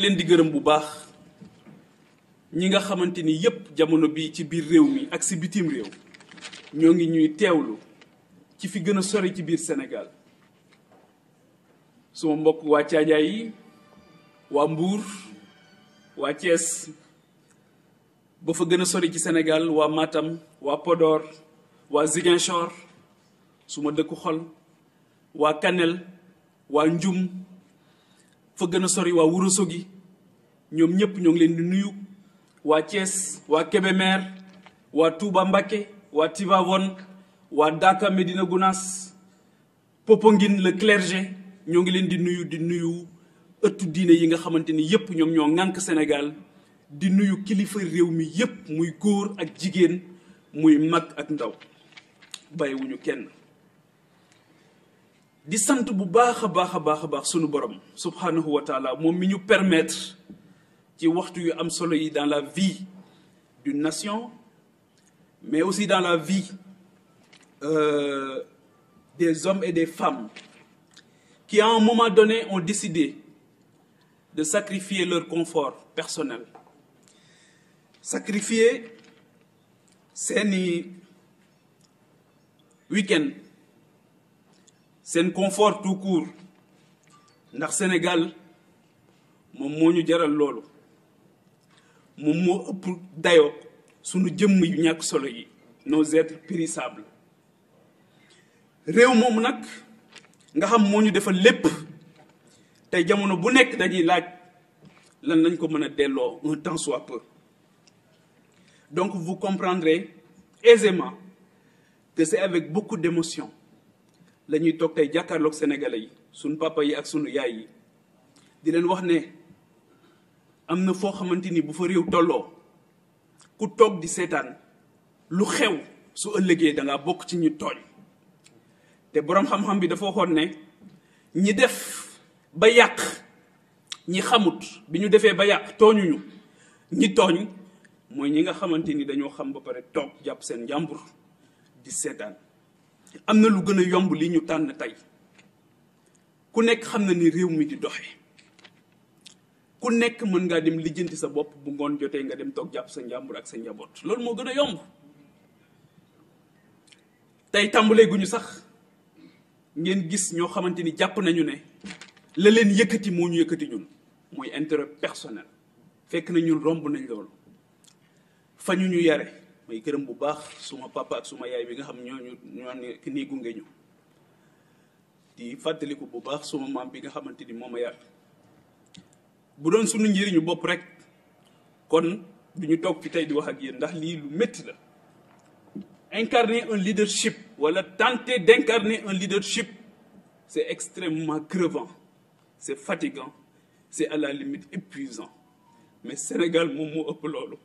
leen di gërëm bu baax ñi nga xamante ni yépp jamono bi ci biir réew mi ak si bitim réew ñoo ngi ñuy teewlu ci fi gën a sori ci biir Sénégal suma mbokk waa Caajaay waa Mbuur waa Cees ba fa gën a sori ci Sénégal waa Matam waa podoor waa Ziguinchor suma dëkku xol waa Kanel waa Njum fa gën a sori waa Ourossogui ñoom ñëpp ñoo ngi leen di nuyu waa Thiès waa Kébémer waa Touba Mbacké waa Tivaouane waa Daka Médina Gounass Popenguine le clergé ñoo ngi leen di nuyu di nuyu ëttu diine yi nga xamante ni yëpp ñoom ñoo ŋànk Sénégal di nuyu kilifa réew mi yëpp muy góor ak jigéen muy mag ak ndaw bàyyiwuñu kenn. di sant bu baax a baax a baax a baax sunu borom subhanahu wa taala moom mi ñu permettre ci waxtu yu am solo yi dans la vie d'une nation mais aussi dans la vie euh, des hommes et des femmes qui en un moment donné ont décidé de sacrifier leur confort personnel sacrifier seeni week seen confort tout court ndax Sénégal moom moo ñu jaral loolu moom moo ëpp dayoo sunu jëmm yu ñàkk solo yi nos êtres périssables réew moom nag nga xam moo ñu defal lépp tey jamono bu nekk dañuy laaj lan lañ ko mën a delloo un temps soit peu donc vous comprendrez aisément que c'est avec beaucoup d'émotion lañuy toog tey jàkkaarloog sénégalais yi suñ papa yi ak sunu yaay yi di leen wax ne am na foo xamante ni bu fa réew tolloo ku toog di seetaan lu xew su ëllëgee da bokk ci ñu tooñ te boroom xam-xam bi dafa waxoon ne ñi def ba yàq ñi xamut bi ñu defee ba yàq tooñuñu ñi tooñ mooy ñi nga xamante ni dañoo xam ba pare toog jàpp seen njàmbur di seetaan am na lu gën a yomb li ñu tànn tey ku nekk xam na ni réew mi di doxe ku nekk mën ngaa dem lijjanti sa bopp bu ngoon jotee nga dem toog jàpp sa njàmbur ak sa njaboot loolu moo gën a yomb tey tàmbalee gu ñu sax ngeen gis ñoo xamante ni jàpp nañu ne la leen yëkkati moo ñu yëkkati ñun mooy intérêt personnel fekk nañu ñun romb nañ loolu fa ñu ñu yare may gërëm bu baax suma papa suma yaay bi nga xam ñooñu ñoo nekk nii gungee ñu di fàttaliku bu baax suma maam bi nga xamante ni moom a yar bu doon suñu njëriñu bopp rek kon du ñu toog fi tey di wax ak yéen ndax lii lu métti la incarner un leadership wala tenter d'incarner un leadership c'est extrêmement crevant c'est fatigant c'est à la limite épuisant mais Sénégal moom moo ëpp loolu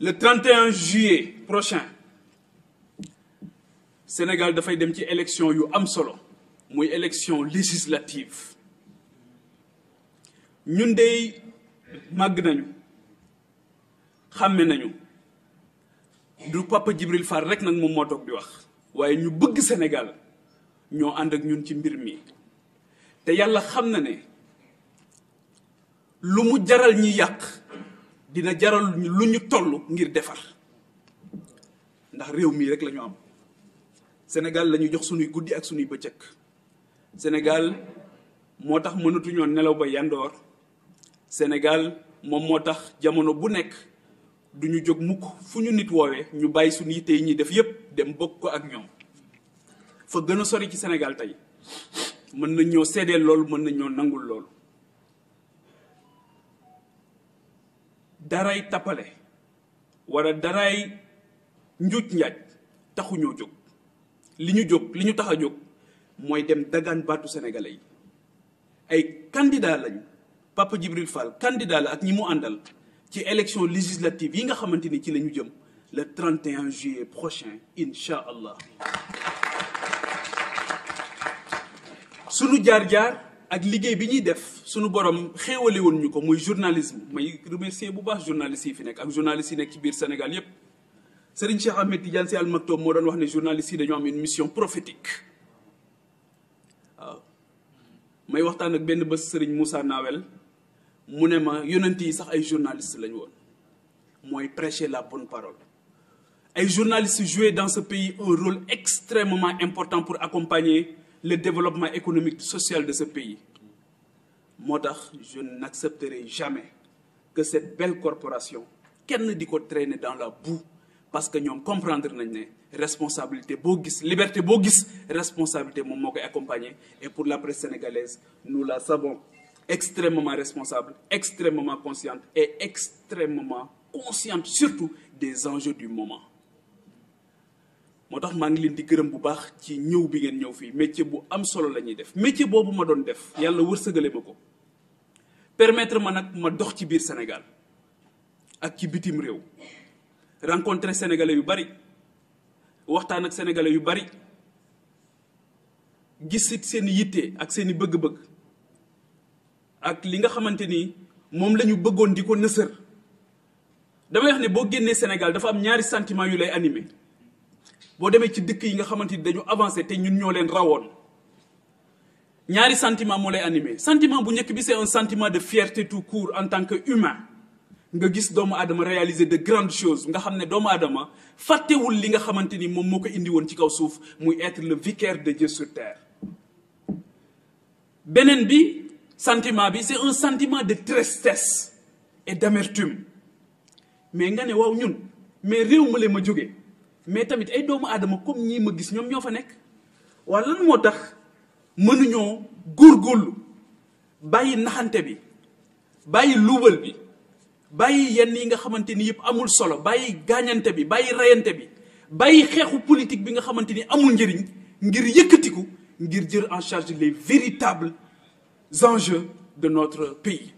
le 31 juillet prochain Sénégal dafay dem ci élection yu am solo muy élection législative ñun dey màgg nañu xàmme nañu du Papa Djibril Fall rek nag moom moo toog di wax waaye ñu bëgg Sénégal ñoo ànd ak ñun ci mbir mi te yàlla xam na ne lu mu jaral ñi yàq dina jaral lu ñu tollu ngir defar ndax réew mii rek la am Sénégal lañu jox sunuy guddi ak sunuy bëccëg Sénégal moo tax mënatuñoo nelaw ba yandoor Sénégal moom moo tax jamono bu nekk du ñu jóg mukk fu ñu nit woowee ñu bàyyi suñu yitte yi ñuy def yépp dem bokk ko ak ñoom fa gën a sori ci Sénégal tey mën nañ ñoo seedeel loolu mën nañ nangul loolu daray tappale wala daray njuuj njaaj taxuñoo jóg li ñu jóg li ñu tax a jóg mooy dem dagaan baatu sénégalais yi ay candidat lañ Papa Djibril Fall candidat la ak ñi mu àndal ci élection législative yi nga xamante ni ci la ñu jëm le 31 juillet prochain incha allah sunu jaar-jaar ak liggéey bi ñuy def suñu borom xewale woon ñu ko muy journalisme may remercier bu baax journalistes yi fi nekk ak journalistes yi nekk ci biir Sénégal yépp Serigne Cheikh Ahmed Tidiane Sy Al Maktoum moo doon wax ne journalistes yi dañoo am une mission prophétique may waxtaan ak benn bës Serigne Moussa Nawel mu ne ma yonent yi sax ay journalistes lañu woon mooy prêcher la bonne parole ay journalistes joué dans ce pays un rôle extrêmement important pour accompagner le développement économique social de ce pays moo tax je n'accepterai jamais que cette belle corporation kenn di ko traîner dans la boue parce que ñoom comprendre nañ ne responsabilité boo gis liberté boo gis responsabilité moom moo koy accompagner et pour la presse sénégalaise nous la savons extrêmement responsable extrêmement consciente et extrêmement consciente surtout des enjeux du moment moo tax maa ngi leen di gërëm bu baax ci ñëw bi ngeen ñëw fii métier bu am solo la ñuy def métier boobu ma doon def yàlla wërsëgale ma ko permettre ma nag ma dox ci biir Sénégal ak ci bitim réew rencontré sénégalais yu bari waxtaan ak sénégalais yu bari gis it seen yitte ak seen i bëgg-bëgg ak li nga xamante ni moom lañu bëggoon di ko nësër damay wax ne boo génnee Sénégal dafa am ñaari sentiment yu lay animé. boo demee ci dëkk yi nga xamante ni dañu avancé te ñun ñoo leen rawoon ñaari sentiment moo lay animé sentiment bu njëkk bi c'est un sentiment de fierté tout court en tant que humain nga gis doomu aadama réaliser de grandes choses nga xam ne doomu aadama fàttewul li nga xamante ni moom moo ko indi woon ci kaw suuf muy être le vicaire de Dieu sur terre beneen bi sentiment bi c'est un sentiment de tristesse et d'amertume mais nga ne waaw ñun mais réew ma le ma jógee mais tamit ay doomu aadama comme ñii ma gis ñoom ñoo fa nekk waaye lan moo tax mënuñoo góorlu bàyyi naxante bi bàyyi luubal bi bàyyi yenn yi nga xamante ni yëpp amul solo bàyyi gaañante bi bàyyi reyante bi bàyyi xeexu politique bi nga xamante ni amul njëriñ ngir yëkkatiku ngir jël en charge les véritables enjeux de notre pays.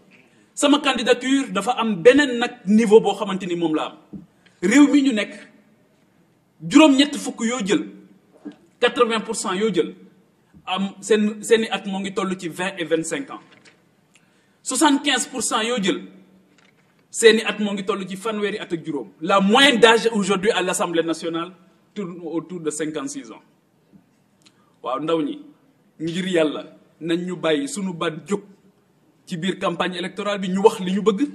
sama candidature dafa am beneen nag niveau boo xamante ni moom la am réew mi ñu nekk. juróom-ñett fukk yoo jël quatre-vingt pour cent yoo jël am seen seeni at moo ngi toll ci vingt et vingt cinq ans soixante-quinze pour cent yoo jël seeni at moo ngi toll ci fanweeri at ak juróom la moyenne d'âge aujourd'hui à l'Assemblée nationale tourne autour de cinquante six ans waaw ndaw ñi ngir yàlla nañ ñu bàyyi suñu baat jóg ci biir campagne électorale bi ñu wax li ñu bëgg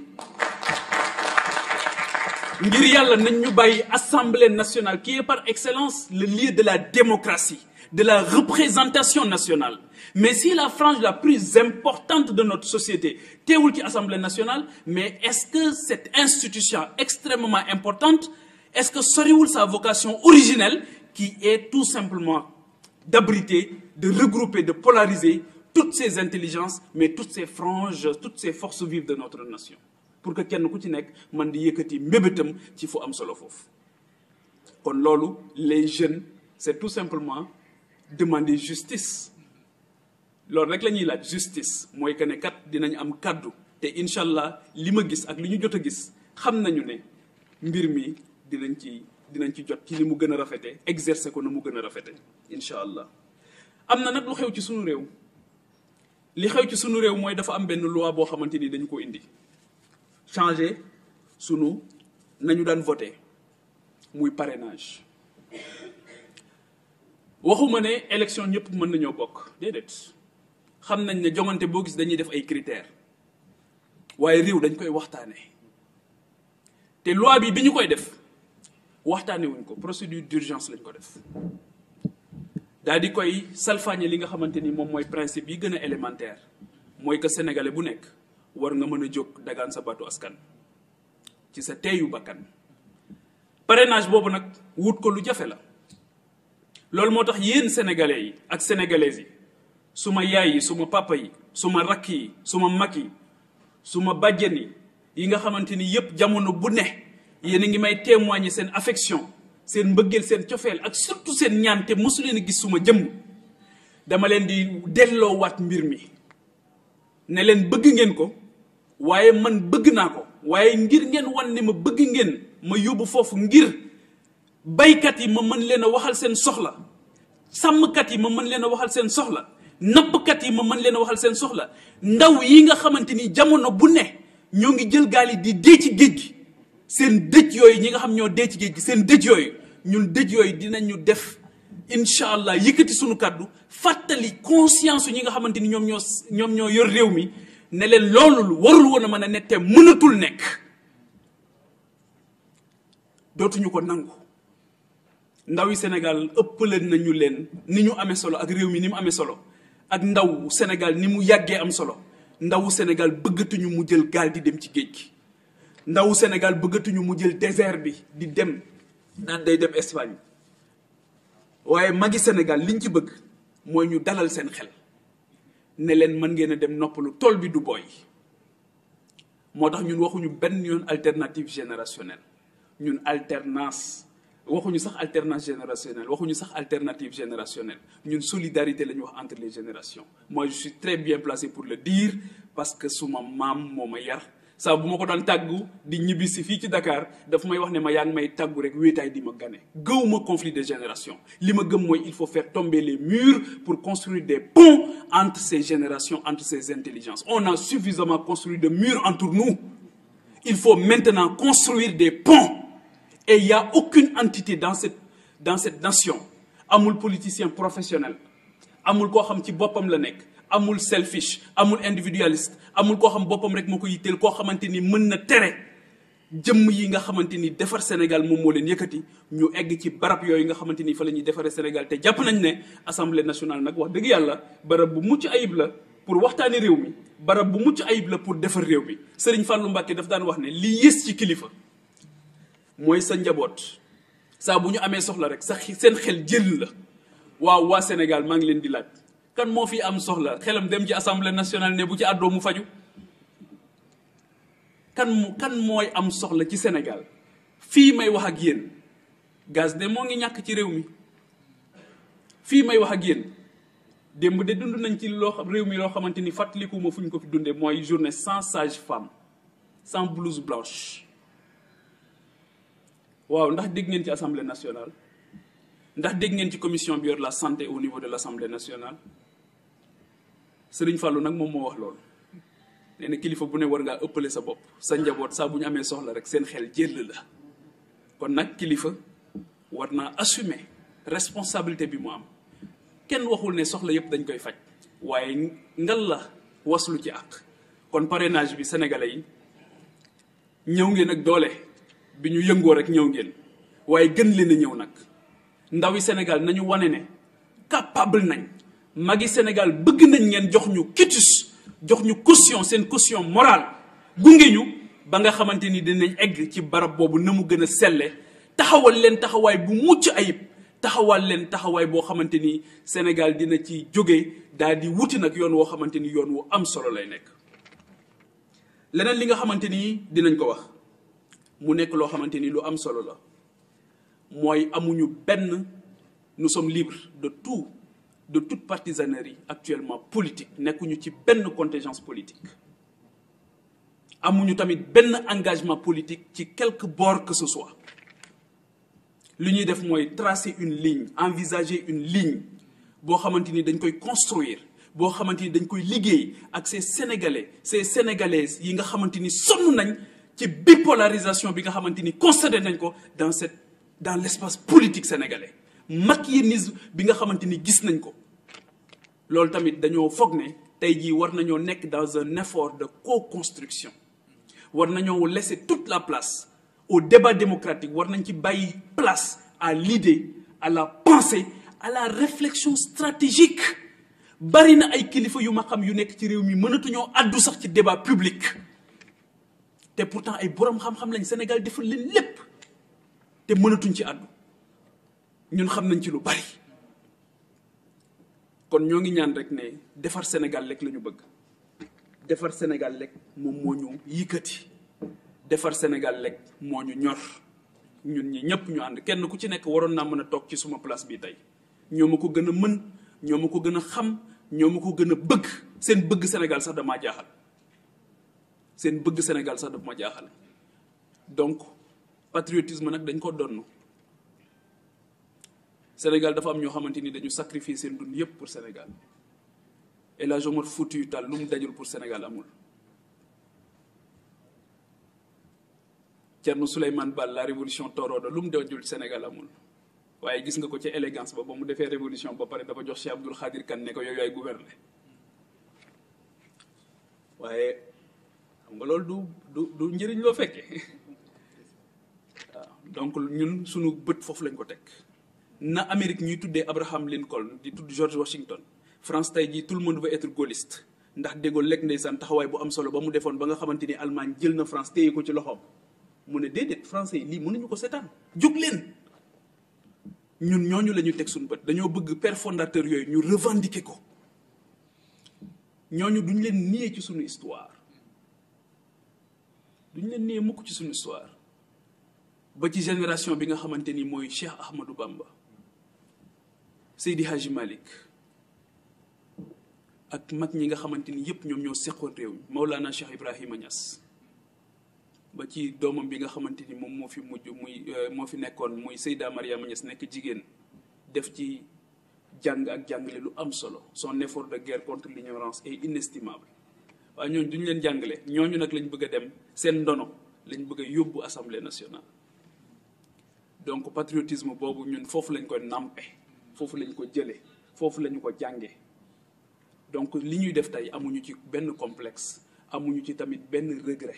ngir yàlla nañ ñu bàyyi assemblée nationale qui est par excellence le lieu de la démocratie de la représentation nationale mais si la frange la plus importante de notre société teewul ci assemblée nationale mais est-ce que cette institution extrêmement importante est-ce que soriwul sa vocation originelle qui est tout simplement d'abriter de regrouper de polariser toutes ces intelligences mais toutes ces franges toutes ces forces vives de notre nation pour que kenn ku ci nekk man di yëkkati mbébétam ci fu am solo foofu kon loolu les jeunes c'est tout simplement demander justice loolu rek la ñuy laaj justice mooy que ne kat dinañ am kàddu te incha allah li ma gis ak li ñu jot a gis xam nañu ne mbir mi dinañ ci dinañ ci jot ci li mu gën a rafete exercer ko na mu gën a rafete incha allah am na nag lu xew ci sunu réew li xew ci sunu réew mooy dafa am benn loi boo xamante ni dañu ko indi changer sunu nañu daan voté muy parrainage waxuma ne élection ñëpp mën nañoo bokk déedéet xam nañ ne joŋante boo gis dañuy def ay critères waaye réew dañ koy waxtaanee te loi bi bi ñu koy def waxtaanee wuñ ko procédure d'urgence lañ ko def daal di koy salfaañe li nga xamante ni moom mooy principe yi gën a élémentaire mooy que sénégalais bu nekk. war nga mën a jóg dagaan sa baatu askan ci sa teeyu bakkan parenage boobu nag wut ko lu jafe la loolu moo tax yéen sénégalais yi ak sénégalaises yi suma ma yaay yi suma ma yi suma ma rakk yi su mag yi suma ma yi yi nga xamante ni yépp jamono bu ne yéen a ngi may témoigner seen affection seen mbëggeel seen cofeel ak surtout seen ñaan te mosu leen gis suma ma jëmm dama leen di wat mbir mi ne leen bëgg ngeen ko waaye man bëgg naa ko waaye ngir ngeen wan ne ma bëgg ngeen ma yóbbu foofu ngir baykat yi ma mën leen a waxal seen soxla sàmmkat yi ma mën leen a waxal seen soxla nappkat yi ma man leen a waxal seen soxla ndaw yi nga xamante ni jamono bu ne ñoo ngi jël gaal yi di dee ci géej gi seen dëj yooyu ñi nga xam ñoo dee ci géej gi seen dëj yooyu ñun dëj yooyu dinañu def incha allah yëkkati sunu kàddu fàttali conscience ñi nga xamante ni ñoom ñoo ñoom ñoo yor réew mi ne leen loolu warul woon a mën a ne mënatul nekk dootuñu ko nangu ndaw yi Sénégal ëppale nañu leen ni ñu amee solo ak réew mi ni mu amee solo ak ndaw Sénégal ni mu yàggee am solo ndawu Sénégal bëggatuñu mu jël gaal di dem ci géej gi ndawu Sénégal bëggatuñu mu jël désert bi di dem naan day dem Espagne waaye magi Sénégal liñ ci bëgg mooy ñu dalal seen xel ne leen mën ngeen a dem noppalu tool bi du booy moo tax ñun waxuñu benn yoon alternative générationnelle ñun alternance waxuñu sax alternance générationnelle waxuñu sax alternative générationnelle ñun solidarité la ñu wax entre les générations moi je suis très bien placé pour le dire parce que suma maam moo ma yar saa bu ma ko doon tàggu di ñibbi si fii ci dakaar dafa may wax ne ma yaa ngi may tàggu rek wéetaay di ma gane gëw ma conflit de génération li ma gëm mooy il faut faire tomber les murs pour construire des ponts entre ces générations entre ces intelligences on a suffisamment construit de murs entre nous il faut maintenant construire des ponts et il aucune entité dans cette dans cette nation amul politicien professionnel amul koo xam ci boppam la nekk amul selfish amul individualiste amul koo xam boppam rek moo ko yitteel koo xamante ni mën na tere jëmm yi nga xamante ni defar Sénégal moom moo leen yëkkati ñu egg ci barab yooyu nga xamante ni fa la ñuy defaree Sénégal te jàpp nañ ne assemblée nationale nag wax dëgg yàlla barab bu mucc ayib la pour waxtaani réew mi barab bu mucc ayib la pour defar réew mi Serigne Fallou Mbacké daf daan wax ne li yées ci kilifa mooy sa njaboot saa bu ñu amee soxla rek sax seen xel jël la waaw waa Sénégal maa ngi leen di laaj. kan moo fi am soxla xelam dem ci assemblée nationale ne bu ci àddoo mu faju kan kan mooy am soxla ci Sénégal fii may wax ak yéen gaz de moo ngi ñàkk ci réew mi fii may wax ak yéen démb de dund nañ ci loo réew mi loo xamante ni fàttalikuma fu ñu ko fi dundee mooy journée sans sage femme sans blouse blanche waaw ndax dégg ngeen ci assemblée nationale ndax dégg ngeen ci commission bi yor la santé au niveau de l'assemblée nationale Sëriñ Fallou nag moom moo wax loolu nee na kilifa bu ne war ngaa ëppale sa bopp sa njaboot saa bu ñu amee soxla rek seen xel jël la kon nag kilifa war naa assumer responsabilité bi mu am kenn waxul ne soxla yëpp dañ koy faj waaye ngal la waslu ci àq kon parrainage bi sénégalais yi ñëw ngeen ak doole bi ñu yëngoo rek ñëw ngeen waaye gën leen ñëw nag ndawi Sénégal nañu wane ne capable nañ yi Sénégal bëgg nañ ngeen jox ñu quitus jox ñu caution seen caution morale gunge ñu ba nga xamante ni dinañ egg ci barab boobu na mu gën a selle taxawal leen taxawaay bu mucc ayib taxawal leen taxawaay boo xamante ni Sénégal dina ci jóge daldi di wuti nag yoon woo xamante ni yoon wu am solo lay nekk. leneen li nga xamante ni dinañ ko wax mu nekk loo xamante ni lu am solo la mooy amuñu benn nous sommes libres de tout. de toute partisanerie actuellement politique nekkuñu ci benn contingence politique amuñu tamit benn engagement politique ci quelque bord que ce soit li ñuy def mooy tracer une ligne envisager une ligne boo xamante ni dañ koy construire boo xamante ni dañ koy liggéey ak ces sénégalais ces sénégalaises yi nga xamante ni sonn nañ ci bipolarisation bi nga xamante ni constaté nañ ko dans cette dans l'espace politique sénégalais machianisme bi nga xamante ni gis nañ ko loolu tamit dañoo foog ne tey jii war nañoo nekk dans un effort de co-construction war nañoo laisser toute la place au débat démocratique war nañ ci bàyyi place à l'idée à la pensée à la réflexion stratégique bari na ay kilifa yu ma xam yu nekk ci réew mi mënatuñoo àddu sax ci débat public te pourtant ay boroom xam-xam lañ Sénégal deful leen lépp te mënatuñ ci àddu ñun xam nañ ci lu bari kon ñoo ngi ñaan rek ne defar Sénégal lañu bëgg defar Sénégal rek moom moo ñu yëkkati defar Sénégal rek moo ñu ñor ñun ñi ñëpp ñu ànd kenn ku ci nekk waroon naa mën a toog ci suma place bii tey ñoo ma ko gën a mën ñoo ma ko gën a xam ñoo ma ko gën a bëgg seen bëgg Sénégal sax damaa jaaxal seen bëgg Sénégal sax daf ma jaaxal donc patriotisme nag dañ koo donn Sénégal dafa am ñoo xamante ni dañu sacrifier seen dund yépp pour Sénégal El Hadj Omar Foutiyou Tall lu mu pour Sénégal amul. Thierno Souleymane Baal la révolution Torodo lu mu dajul Sénégal amul waaye gis nga ko ca élégance ba mu defee révolution ba pare dafa jox Cheikh Abdoul Khadir ne ko yooyu yaay gouverner xam nga loolu du du du njëriñ loo donc ñun sunu bët foofu lañ ko teg. na Amérique ñuy tuddee Abraham Lincoln di tudd George Washington France tey jii tout le monde veut être gaulliste ndax de Gaulle lekk ndeysaan taxawaay bu am solo ba mu defoon ba nga xamante ni Allemagne jël na France téye ko ci loxoom mu ne déedéet français yi lii mënuñu ko seetaan jóg leen ñun ñooñu la ñu teg suñu bët dañoo bëgg père fondateur yooyu ñu revendiquer ko ñooñu duñ leen nier ci suñu histoire duñ leen nier mukk ci suñu histoire ba ci génération bi nga xamante ni mooy Cheikh Ahmadou Bamba Seydi Hadji malik ak mag ñi nga xamante ni yëpp ñoom ñoo seqoon réew mi Maulana Cheikh Ibrahima Niass ba ci doomam bi nga xamante ni moom moo fi mujj muy euh, moo fi nekkoon muy Seyda Mariama Niass nekk jigéen def ci jàng ak jàng jàngale lu am solo son effort de guerre contre l'ignorance est inestimable waaye ñooñu ñu leen jàngale ñooñu nag lañu bëgg a dem seen ndono lañ bëgg a yóbbu assemblée nationale donc patriotisme boobu ñun foofu lañ koy nàmpe foofu lañ ko jële foofu lañu ko jànge donc li ñuy def tey amuñu ci benn complexe amuñu ci tamit benn regret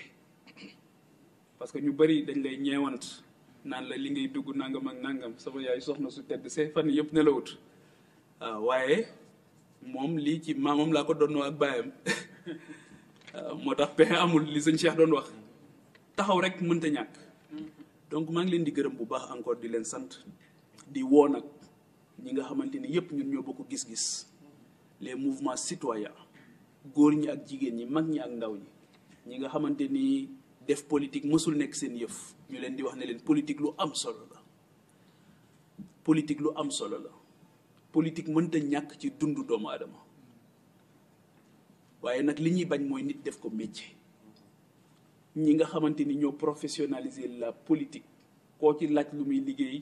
parce que ñu bari dañ lay ñeewant naan la li ngay dugg nangam ak nangam sama yaay soxna su tedd see fan yëpp nelawut waaw ah, waaye moom lii ci maamam laa ko donnoo ak baayam ah, moo tax pexe amul li sañ Cheikh doon wax taxaw rek mënta ñàkk donc maa ngi leen di gërëm bu baax encore di leen sant di woo nag ñi nga xamante ni yépp ñun ñoo bokk gis-gis les mouvement citoyens góor ñi ak jigéen ñi mag ñi ak ndaw ñi ñi nga xamante ni def politique mësul nekk seen yëf ñu leen di wax ne leen politique lu am solo la politique lu am solo la politique mënta ñàkk ci dundu doomu aadama waaye nag li ñuy bañ mooy nit def ko métier ñi nga xamante ni ñoo professionnaliser la politique koo ci laaj lu muy liggéey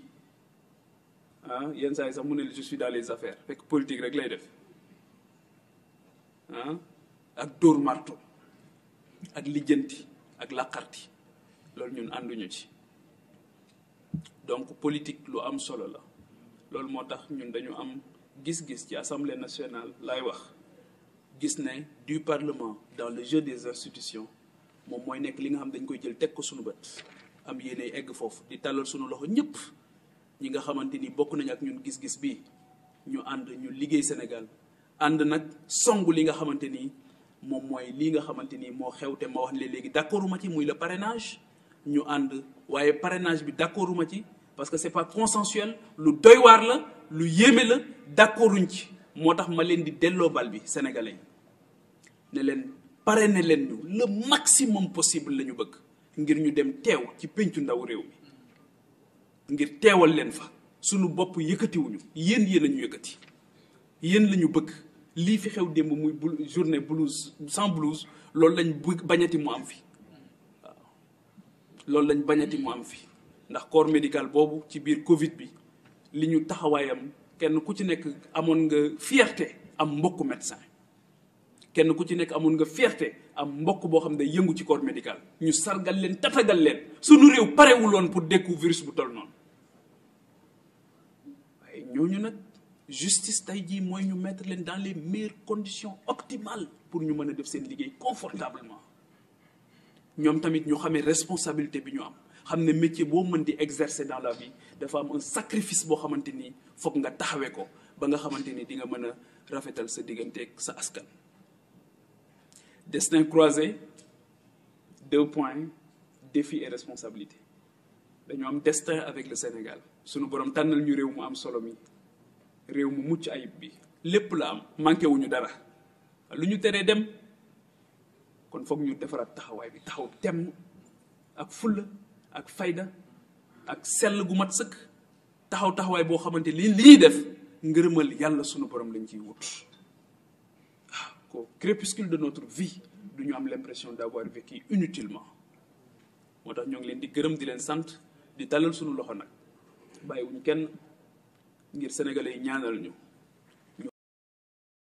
ah yenn saa yi sax mu ne je suis dans les affaires fekk politique rek lay def ah ak dóor marto ak lijjanti ak làqarti loolu ñun ànduñu ci donc politique lu am solo la loolu moo tax ñun dañu am gis-gis ci assemblée nationale laay wax gis ne du parlement dans le jeu des institutions moom mooy nekk li nga xam dañ koy jël teg ko suñu bët am yéene egg foofu di tàllal suñu loxo ñëpp ñi nga xamante ni bokk nañ ak ñun gis-gis bi ñu ànd ñu liggéey Sénégal ànd nag song li nga xamante ni moom mooy lii nga xamante ni moo xew te ma wax ne léegi d'accorduma ci muy le parrainage ñu ànd waaye parrainage bi d'accorduma ci parce que c'est pas consensuel lu doy la lu yéeme la d'accorduñ ci moo tax ma leen di delloo bal bi sénégalais ne leen parrainé leen ñu le maximum possible la ñu bëgg ngir ñu dem teew ci péncu ndaw réew mi ngir teewal leen fa sunu bopp yëkkatiwuñu yéen yéen a ñu yëkkati yéen lañu bëgg lii fi xew démb muy journée blouse sans blouse loolu lañ bañati mu am fi waaw loolu lañ bañati mu am fi ndax corps médical boobu ci biir Covid bi li ñu taxawaayam kenn ku ci nekk amoon nga fierté am mbokku médecin kenn ku ci nekk amoon nga fierté am mbokk boo xam ne yëngu ci corps médical ñu sargal leen tatagal leen sunu réew parewuloon pour découvrir virus bu toll noonu ñooñu nag justice tey jii mooy ñu mettre leen dans les meilleures conditions optimales pour ñu mën a def seen liggéey confortablement ñoom tamit ñu xamee responsabilité bi ñu am xam ne métier boo mën di exercer dans la vie dafa am un sacrifice boo xamante ni foog nga taxawee ko ba nga xamante ni di nga mën a rafetal sa digganteeg sa askan. Destin croisé deux points défi et responsabilité. dañu am destin avec le Sénégal sunu borom tànnal ñu réew mu am solo mi réew mu mucc ayib bi lépp la am manqué wuñu dara lu ñu teree dem kon foog ñu defaraat taxawaay bi taxaw temm ak fulla ak fayda ak sell gu mat sëkk taxaw taxawaay boo xamante li li ñuy def ngërëmal yàlla sunu borom lañ ciy wut waaw ah, ko crépuscule de notre vie du ñu am l'impression d'avoir vécu inutilement moo tax ñoo ngi leen di gërëm di leen sant di dalal suñu loxo nag bàyyiwuñ kenn ngir sénégalais yi ñaanal ñu